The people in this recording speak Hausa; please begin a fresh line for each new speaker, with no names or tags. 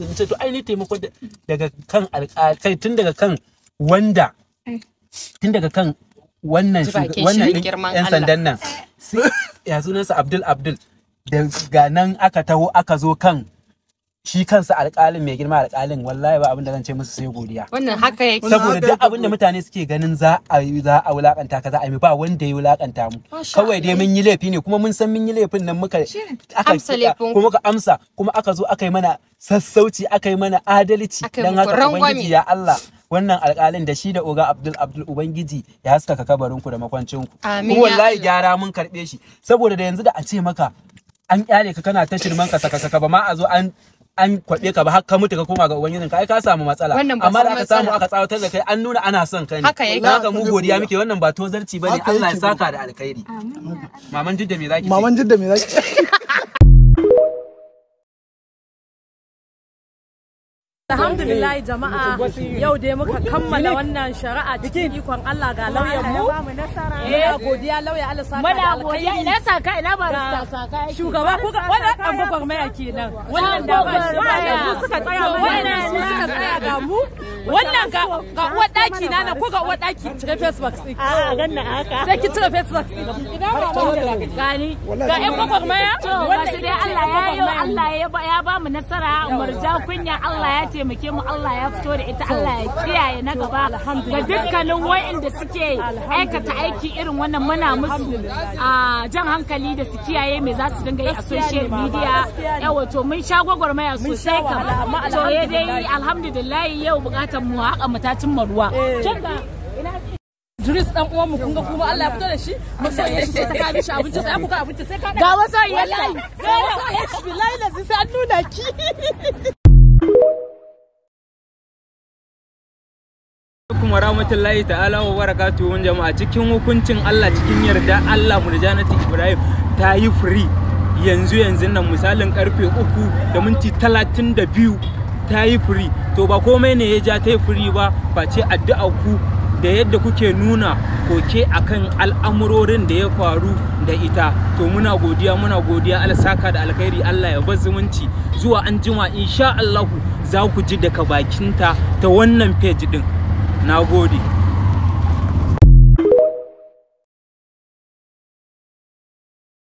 sai to ainihin taimako daga kan alƙalai tun daga kan wanda tun daga kan wannan wannan yan sandan nan ya sunansa abdul abdul da ga nan aka taho aka zo kan shi kansa alƙalin mai girma alƙalin wallahi ba abin da zan ce musu sai godiya wannan haka yake saboda duk abin da mutane suke ganin za a yi za a wulakanta ka za a yi ba wanda ya wulakanta mu kawai dai mun yi laifi ne kuma mun san mun yi laifin nan muka aka kuma ka amsa kuma aka zo aka yi mana sassauci aka yi mana adalci dan haka ubangiji ya Allah wannan alƙalin da shi da oga abdul abdul ubangiji ya haskaka kabarinku da makwancinku amin wallahi gyara mun karɓe shi saboda da yanzu da a ce maka an kyale ka kana ta shirman ka saka saka ba ma a zo an an kwabe ka ba har ka mutu ka koma ga ubangijin ka ai ka samu matsala amma da aka samu aka tsawatar da kai an nuna ana son ka ne haka mu godiya muke wannan ba tozarci bane Allah ya saka da alkhairi maman jidda me zaki
maman jidda me zaki Alhamdulillah jama'a yau dai muka kammala wannan shari'a cikin ikon Allah ga lauyan mu. Eh, muna godiya lauya Allah saka da godiya Ina saka ina ba saka. Shugaba ko wannan dan gwagwarmaya kenan. Wannan da ba shi ba suka tsaya mana suka tsaya ga mu. wannan ga ga uwar daki na na ko ga uwar daki cire din a ganna haka sai ki cire din ina ba ga wanda dai Allah ya yi Allah ya ba mu nasara murja kunya Allah ya taimake mu Allah ya fito da ita Allah ya kiyaye na gaba ga dukkanin suke aikata aiki irin wannan muna musu a jan hankali da su kiyaye me za su dinga yi a social media yawa to mun sha gwagwarmaya sosai kamar to eh, dai alhamdulillah yau bukatar mu haƙa mu ta cimma ruwa eh. Idris dan uwan mu kun ga kuma Allah ya fito da shi mu soye shi sai ta kawo shi abinci sai ku ga abinci sai ka ga wasu wallahi ga wasu billahi la sai an nuna ki
Assalamu alaikum warahmatullahi ta'ala wa barakatuhu jama'a cikin hukuncin Allah cikin yarda Allah mu Janatu Ibrahim ta yi free yanzu yanzu nan misalin karfe 3 da minti 32 ta yi firi to ba komai ne ya ja ta yi firi ba face addu'a ku da yadda kuke nuna koke akan al'amurorin da ya faru da ita to muna godiya muna godiya alsaka da alkhairi Allah ya bar zumunci zuwa anjima jima insha Allahu za ku ji daga bakinta ta wannan page din nagode